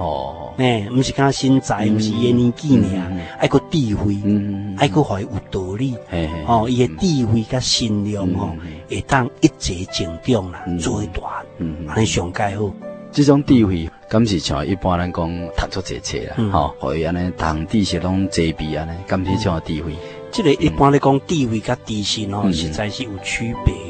哦，哎、欸，唔是講身材，唔、嗯、是年紀而已，愛個智慧，愛、嗯、個還、嗯、還有道理。嘿嘿哦，伊個智慧加心量吼，會、嗯哦、當一直成長啦，嗯、做大，安尼上蓋好。這種智慧，咁是像一般人講讀出錢來，吼、嗯，會安尼同知識攏儕比啊，咁是像智慧、嗯。這個一般咧講智慧加知識吼，實在是有區別。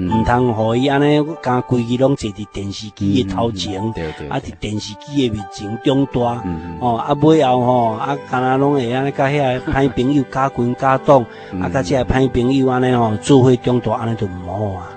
唔、嗯、通，不能讓伊安尼，干規日攏坐佇電視機嘅頭前、嗯嗯，啊，佇電視機嘅面前長大、嗯，哦，啊，尾後吼，啊，干哪攏會安尼，甲遐歹朋友加群加檔、嗯，啊，甲這些歹朋友安尼吼聚會長大，安尼就唔好啊。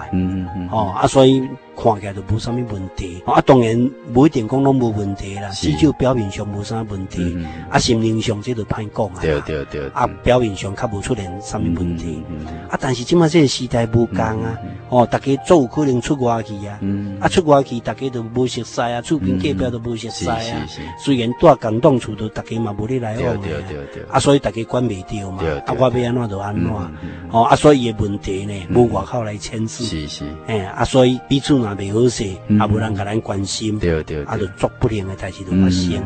嗯嗯嗯，哦，啊，所以。看起來就冇什麼問題，啊，當然不一定講攏冇問題啦，至少表面上冇啥問題，啊，心靈上即係都怕講啊，對對對啊，表面上睇冇出嚟，冇咩問題，嗯、啊，但是即咪即個時代唔同啊，嗯、哦，大家都有可能出外去啊，啊，出外去大家都冇熟悉啊，厝邊隔壁都冇熟悉啊、嗯啊，啊，嗯啊，啊嗯，雖然住港當處都大家嘛冇嚟來往啊，對對對對啊，所以大家管唔到嘛，啊，我要安怎都安怎，哦、嗯、啊，啊，所以嘅問題呢，冇、嗯、外口來簽字、嗯，啊所以彼此。嗯、沒對對對啊，袂好勢，啊，無人甲咱關心，啊，就做不良嘅代志都發生。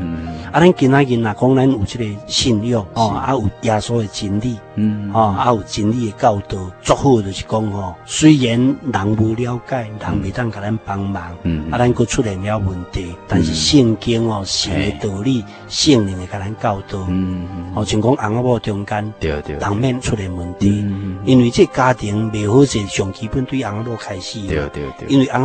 啊，咱今仔日啊，講咱有這個信仰，哦，啊,嗯啊,嗯啊,嗯嗯嗯、啊，有耶穌嘅真理、欸的，嗯，哦，啊，有真理嘅教導，做好就是講哦，雖然人無了解，人未當甲咱幫忙，啊，咱佫出現了問題，但是聖經哦，神嘅道理，聖靈會甲咱教導，哦，像講翁某中間，對對，難免出現問題，因為這家庭袂好勢，從基本對翁某開始，對對，對因為翁。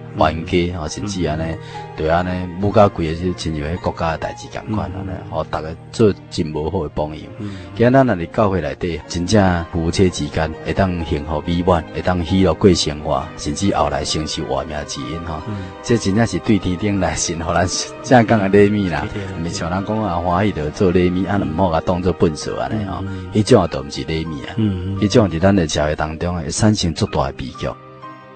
玩家啊，甚至安尼對安尼無價貴也是進入迄國家的代志，同款安尼好，逐、嗯、個、嗯、做真無好嘅榜樣。今然咱在教會內底，真正夫妻之間會當幸福美滿，會當喜樂過生活，甚至後來成就我命之因吼、哦嗯，這真正是對天頂來信，和咱正港的禮物啦。毋、嗯、是像人講啊，歡喜著做禮物，安尼毋好甲當做糞掃安尼哦。迄、嗯、種著毋是禮物啊，迄、嗯嗯、種佇咱的社會當中會產生足大嘅悲劇。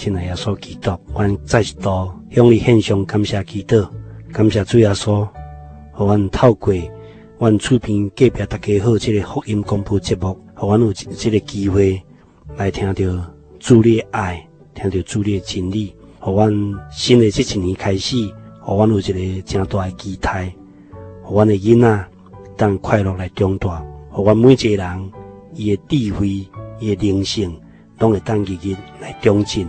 親愛耶穌基督，我再次多向你獻上感謝，祈禱感謝主耶穌，和我們透過我厝邊隔壁大家好，即個福音廣播節目，和我們有即個機會來聽到主的愛，聽到主的真理，和我們新的即一年開始，和我們有一個正大嘅期待，和我嘅囡仔會當快樂來長大，和我們每一個人伊嘅智慧，伊嘅靈性，攏會當日日來增進。